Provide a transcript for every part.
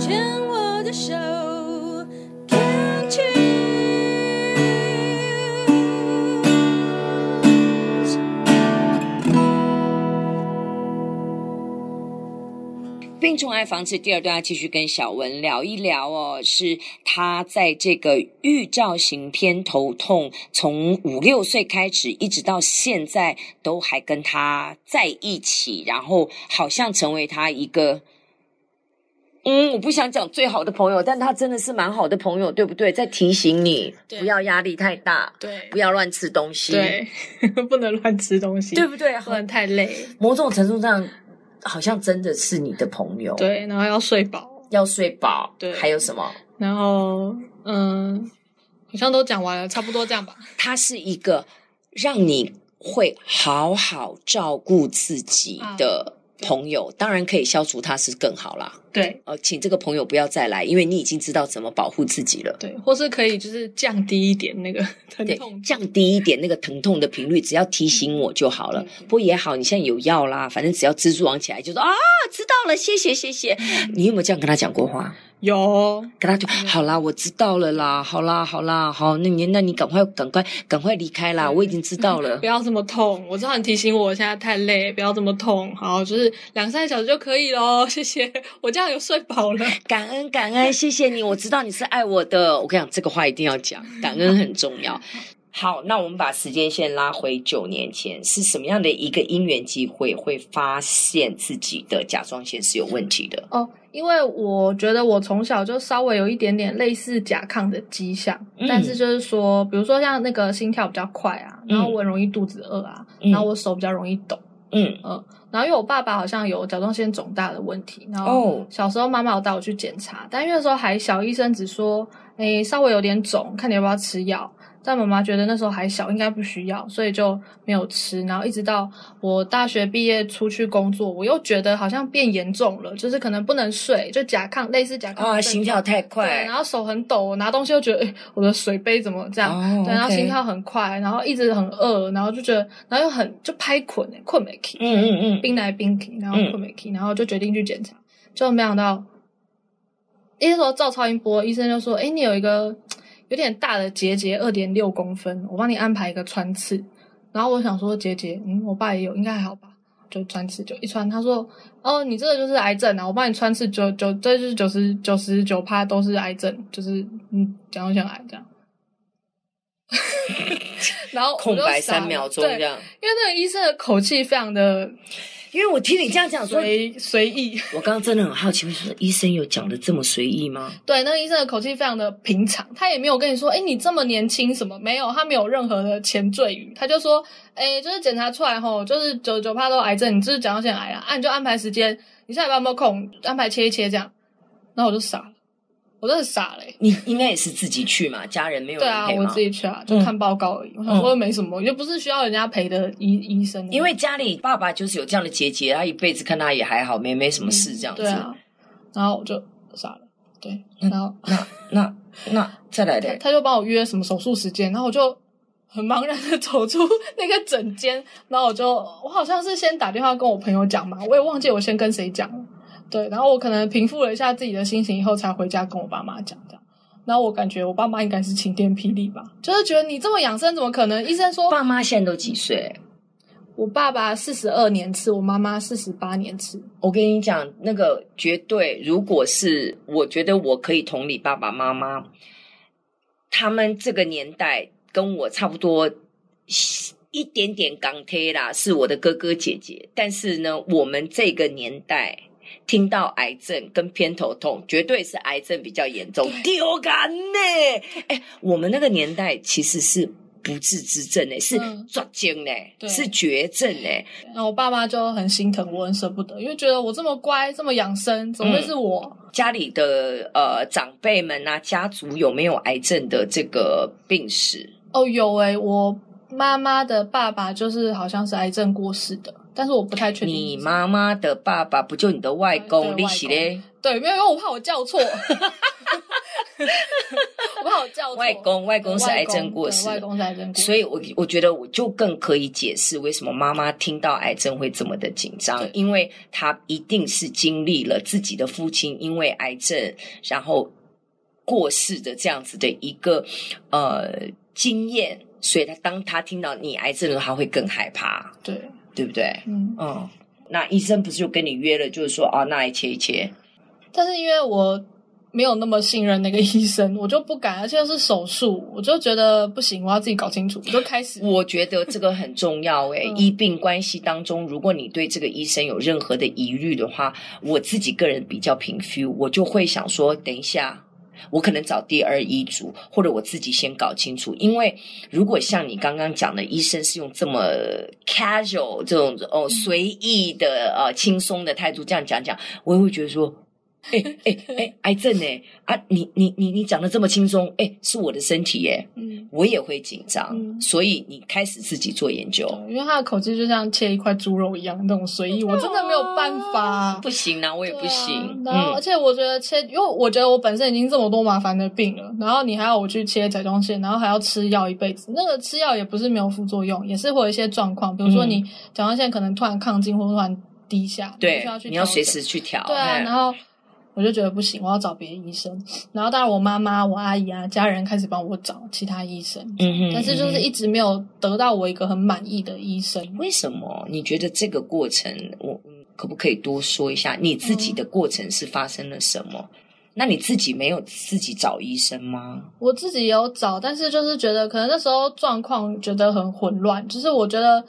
牽我的手，病蟲害防治。第二段要繼續跟小文聊一聊哦，是他在這個預兆型偏頭痛，從五六歲開始，一直到現在都還跟他在一起，然後好像成為他一個。嗯，我不想講最好的朋友，但他真的是蠻好的朋友，對不對？在提醒你對不要壓力太大，對，不要亂吃東西，對，對 不能亂吃東西，對不對？不能太累。某種程度上，好像真的是你的朋友，對。然後要睡飽，要睡飽，對。還有什麼？然後，嗯，好像都講完了，差不多這樣吧。他是一個讓你會好好照顧自己的，啊。朋友當然可以消除，他是更好啦。對，呃，請這個朋友不要再來，因為你已經知道怎麼保護自己了。對，或是可以就是降低一點那個疼痛，對，降低一點那個疼痛的頻率，只要提醒我就好了。嗯，不過也好，你現在有藥啦，反正只要蜘蛛網起來就說啊，知道了，謝謝謝謝。你有沒有這樣跟他講過話？有跟他就、嗯、好啦，我知道了啦，好啦好啦好，那你那你趕快趕快趕快離開啦，對我已經知道了，嗯。不要這麼痛，我知道你提醒我，我現在太累，不要這麼痛。好，就是兩三個小時就可以咯，謝謝，我這樣又睡飽了，感恩感恩，謝謝你， 我知道你是愛我的。我跟你講，這個話一定要講，感恩很重要。好，好，那我們把時間線拉回九年前，是什麼樣的一個因緣機會會發現自己的甲狀腺是有問題的？哦。因為我覺得我從小就稍微有一點點類似甲亢的跡象，嗯、但是就是說，比如說像那個心跳比較快啊，然後我很容易肚子餓啊，嗯、然後我手比較容易抖，嗯、呃、然後因為我爸爸好像有甲狀腺腫大的問題，然後小時候媽媽有帶我去檢查，哦、但因為那時候還小，醫生只說，誒，稍微有點腫，看你要不要吃藥。但媽媽覺得那時候還小，應該不需要，所以就沒有吃。然後一直到我大學畢業出去工作，我又覺得好像變嚴重了，就是可能不能睡，就甲亢，類似甲亢。啊、哦，心跳太快。然後手很抖，我拿東西又覺得、欸，我的水杯怎麼這樣？哦、對，然後心跳很快，然後一直很餓，然後就覺得，然後又很就拍困、欸，困沒去、嗯。嗯嗯嗯。冰來冰去，然後困沒去，然後就決定去檢查，嗯、就沒想到，欸、那時候照超音波，醫生就說，哎、欸，你有一個。有點大的結節，節，二點六公分，我幫你安排一個穿刺。然後我想說結節，嗯，我爸也有，應該還好吧？就穿刺，就一穿，他說，哦，你這個就是癌症啊！我幫你穿刺九九，這就是九十九十九趴，都是癌症，就是嗯，講到像癌這樣。 然後就空白三秒鐘這樣，對，因為那個醫生的口氣非常的。因為我聽你這樣講，隨隨意。我剛剛真的很好奇，就是醫生有講得這麼隨意嗎？對，那個醫生的口氣非常的平常，他也沒有跟你說，哎、欸，你這麼年輕什麼沒有，他沒有任何的前綴語，他就說，哎、欸，就是檢查出來哈，就是99趴都癌症，你就是甲狀腺癌啊，那你就安排時間，你現在有沒有空，安排切一切這樣，然後我就傻了。我真的傻嘞、欸！你應該也是自己去嘛，家人沒有人。對啊，我自己去啊，就看報告而已。嗯、我想說沒什麼，又不是需要人家陪的醫、嗯、醫生。因為家裡爸爸就是有這樣的結節，他一輩子看他也還好，沒沒什麼事這樣子。對、啊、然後我就傻了，對，然後那那那，那再來咧？他就幫我約什麼手術時間，然後我就很茫然的走出那個診間，然後我就我好像是先打電話跟我朋友講嘛，我也忘記我先跟誰講了。對，然後我可能平復了一下自己的心情以後，才回家跟我爸媽講這樣。然後我感覺我爸媽應該是晴天霹靂吧，就是覺得你這麼養生怎麼可能？醫生說，爸媽現在都幾歲？我爸爸四十二年次，我媽媽四十八年次。我跟你講，那個絕對，如果是我覺得我可以同理爸爸媽媽，他們這個年代跟我差不多一點點鋼鐵啦，是我的哥哥姐姐，但是呢，我們這個年代。聽到癌症跟偏頭痛，絕對是癌症比較嚴重。丟肝呢？哎、欸，我們那個年代其實是不治之症呢、欸，是絕症呢，是絕症呢。那我爸媽就很心疼，我很捨不得，因為覺得我這麼乖，這麼養生，怎麼會是我？嗯、家裡的呃長輩們啊，家族有沒有癌症的這個病史？哦，有哎、欸，我媽媽的爸爸就是好像是癌症過世的。但是我不太確定你。你媽媽的爸爸不就你的外公利喜嘞？對,對，沒有，因為我怕我叫錯。 我怕我叫錯。外公，外公是癌症過世。所以我，我我覺得我就更可以解釋為什麼媽媽聽到癌症會這麼的緊張，對因為她一定是經歷了自己的父親因為癌症然後過世的這樣子的一個呃經驗，所以她當她聽到你癌症的時候，她會更害怕。對。對不對？嗯，嗯，那醫生不是就跟你約了，就是說啊，那一切一切，但是因為我沒有那麼信任那個醫生，我就不敢，而且是手術，我就覺得不行，我要自己搞清楚，我就開始。 我覺得這個很重要誒、欸，嗯、醫病關係當中，如果你對這個醫生有任何的疑慮的話，我自己個人比較平庸，我就會想說，等一下。我可能找第二醫囑，或者我自己先搞清楚。因為如果像你剛剛講的，醫生是用這麼 casual 這種哦隨意的呃輕鬆的態度這樣講講，我也會覺得說。哎哎哎，癌症哎、欸、啊！你你你你講的這麼輕鬆，誒、欸、是我的身體、欸、嗯我也會緊張，嗯、所以你開始自己做研究。因為他的口氣就像切一塊豬肉一樣那種隨意，我真的沒有辦法、啊啊，不行啊，我也不行。啊、然後、嗯、而且我覺得切，因為我覺得我本身已經這麼多麻煩的病了，然後你還要我去切甲狀腺，然後還要吃藥一輩子。那個吃藥也不是沒有副作用，也是會有一些狀況，比如說你甲狀腺可能突然亢進或突然低下，對，你要，你要隨時去調。對啊，嗯、然後。我就覺得不行，我要找別的醫生。然後，當然我媽媽、我阿姨啊，家人開始幫我找其他醫生。嗯哼嗯哼。但是就是一直沒有得到我一個很滿意的醫生。為什麼？你覺得這個過程，我可不可以多說一下你自己的過程是發生了什麼？嗯、那你自己沒有自己找醫生嗎？我自己有找，但是就是覺得可能那時候狀況覺得很混亂。就是我覺得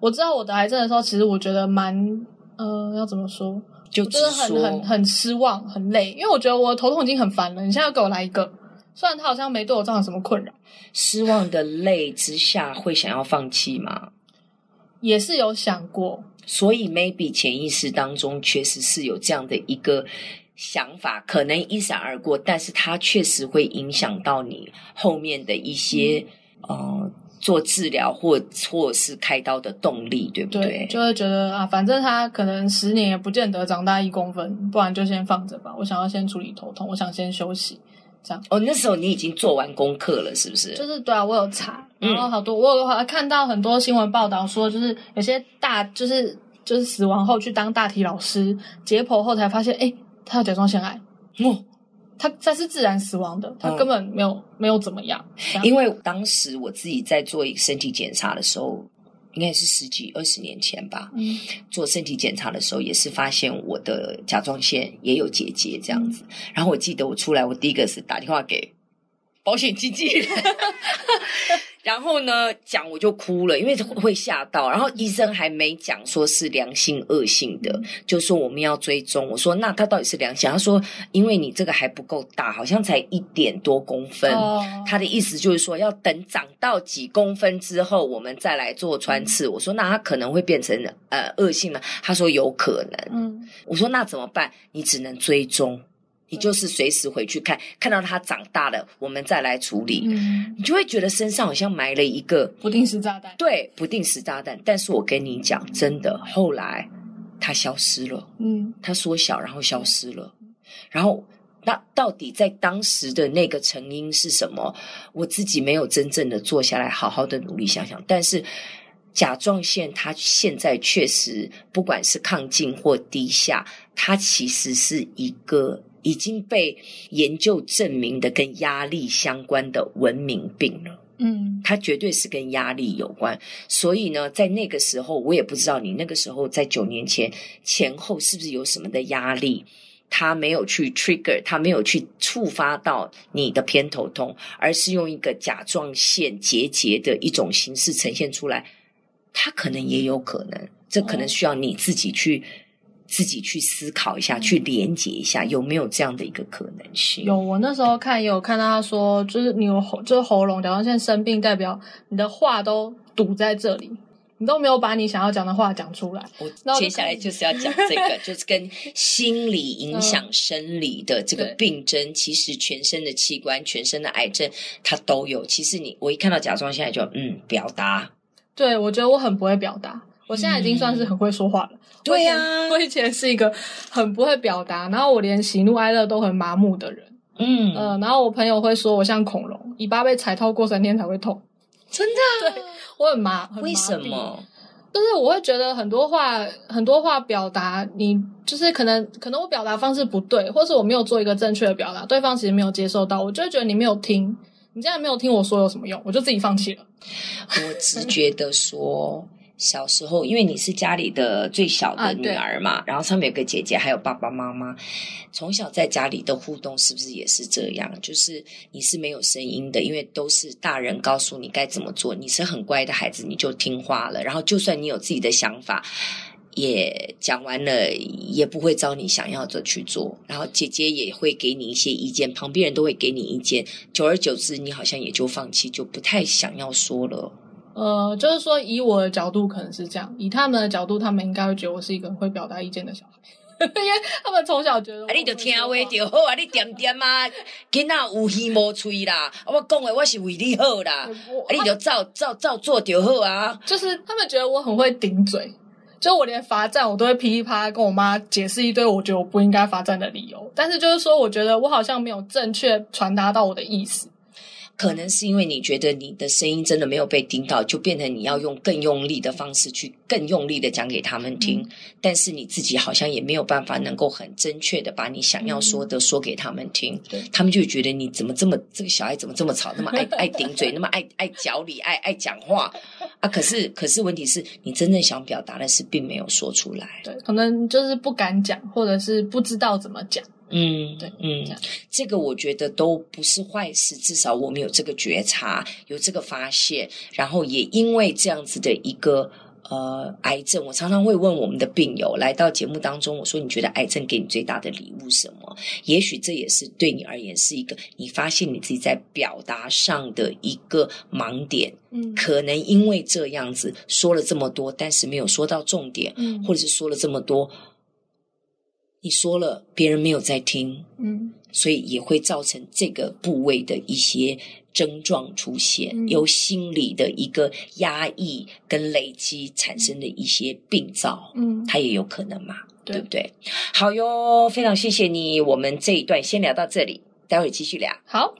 我知道我得癌症的時候，其實我覺得蠻……呃，要怎麼說？就真的很很很失望，很累，因為我覺得我頭痛已經很煩了。你現在要給我來一個。雖然他好像沒對我造成什麼困擾。失望的累之下，會想要放棄嗎？也是有想過，所以 maybe 潛意識當中確實是有這樣的一個想法，可能一閃而過，但是它確實會影響到你後面的一些、嗯、呃。做治療或或是開刀的動力，對不對？對，就會覺得啊，反正他可能十年也不見得長大一公分，不然就先放着吧。我想要先處理頭痛，我想先休息，這樣。哦，那時候你已經做完功課了，是不是？就是對啊，我有查，然後好多、嗯、我有看到很多新聞報道說，就是有些大就是就是死亡後去當大體老師解剖後才發現，哎，他有甲狀腺癌。哦他他是自然死亡的，他根本沒有、嗯、沒有怎麼樣，這樣。因為當時我自己在做一個身體檢查的時候，應該是十幾二十年前吧，嗯、做身體檢查的時候也是發現我的甲狀腺也有結節這樣子。嗯、然後我記得我出來，我第一個是打電話給保險經紀人。 然後呢，講我就哭了，因為會嚇到。然後醫生還沒講說是良性惡性的，嗯、就說我們要追蹤。我說，那他到底是良性？他說因為你這個還不夠大，好像才一點多公分。哦、他的意思就是說要等長到幾公分之後，我們再來做穿刺。我說，那他可能會變成呃惡性嗎？他說有可能。嗯、我說，那怎麼辦？你只能追蹤。你就是隨時回去看，對看到它長大了，我們再來處理。嗯、你就會覺得身上好像埋了一個不定時炸彈。對，不定時炸彈。但是我跟你講，真的，後來它消失了。嗯，它縮小，然後消失了。嗯、然後，那到底在當時的那個成因是什麼？我自己沒有真正的坐下來好好的努力想想。但是甲狀腺它現在確實，不管是亢進或低下，它其實是一個。已經被研究證明的跟壓力相關的文明病了，嗯，它絕對是跟壓力有關。所以呢，在那個時候，我也不知道你那個時候在九年前前後是不是有什麼的壓力，它沒有去 trigger，它沒有去觸發到你的偏頭痛，而是用一個甲狀腺結節的一種形式呈現出來，它可能也有可能，這可能需要你自己去。哦自己去思考一下，去連接一下，嗯、有沒有這樣的一個可能性？有，我那時候看有看到他說，嗯、就是你有喉就是喉嚨甲狀腺生病，代表你的話都堵在這裡，你都沒有把你想要講的話講出來。我那接下來就是要講這個， 就是跟心理影響生理的這個病症，嗯、其實全身的器官、全身的癌症它都有。其實你我一看到甲狀腺，現在就嗯表達，對，我覺得我很不會表達。我現在已經算是很會說話了。嗯、對呀、啊，我以前是一個很不會表達，然後我連喜怒哀樂都很麻木的人。嗯、呃、然後我朋友會說我像恐龍，尾巴被踩透過三天才會痛。真的，對，我很麻。很麻痺。為什麼？就是我會覺得很多話，很多話表達，你就是可能，可能我表達方式不對，或是我沒有做一個正確的表達，對方其實沒有接受到，我就會覺得你沒有聽。你現在沒有聽我說有什麼用？我就自己放棄了。我直覺的說。 小時候，因為你是家裡的最小的女兒嘛，啊、然後上面有個姐姐，還有爸爸媽媽，從小在家裡的互動是不是也是這樣？就是你是沒有聲音的，因為都是大人告訴你該怎麼做，你是很乖的孩子，你就聽話了。然後就算你有自己的想法，也講完了，也不會照你想要的去做。然後姐姐也會給你一些意見，旁邊人都會給你意見，久而久之，你好像也就放棄，就不太想要說了。呃，就是說，以我的角度可能是這樣，以他們的角度，他們應該會覺得我是一個會表達意見的小孩， 因為他們從小覺得，啊、我你就聽話就好啊， 你點點啊，囡仔有耳無喙啦， 我講的我是為你好啦，你就照照照做就好啊。就是他們覺得我很會頂嘴，就我連罰站我都會噼里啪啦跟我媽解釋一堆，我覺得我不應該罰站的理由，但是就是說，我覺得我好像沒有正確傳達到我的意思。可能是因為你覺得你的聲音真的沒有被聽到，就變成你要用更用力的方式去更用力的講給他們聽，嗯、但是你自己好像也沒有辦法能夠很正確的把你想要說的說給他們聽，嗯、對，他們就覺得你怎麼這麼，這個小孩怎麼這麼吵，那麼愛愛頂嘴， 那麼愛愛講理，愛愛講話啊！可是可是問題是你真正想表達的是並沒有說出來，對，可能就是不敢講，或者是不知道怎麼講。嗯，對，嗯，嗯，這個我覺得都不是壞事，至少我們有這個覺察，有這個發現，然後也因為這樣子的一個呃癌症，我常常會問我們的病友來到節目當中，我說你覺得癌症給你最大的禮物什麼？也許這也是對你而言是一個你發現你自己在表達上的一個盲點，嗯，可能因為這樣子說了這麼多，但是沒有說到重點，嗯，或者是說了這麼多。你說了，別人沒有在聽，嗯，所以也會造成這個部位的一些症狀出現，由、嗯、心理的一個壓抑跟累積產生的一些病灶，嗯，它也有可能嘛，對，對不對？好喲，非常謝謝你，我們這一段先聊到這裡，待會繼續聊。好。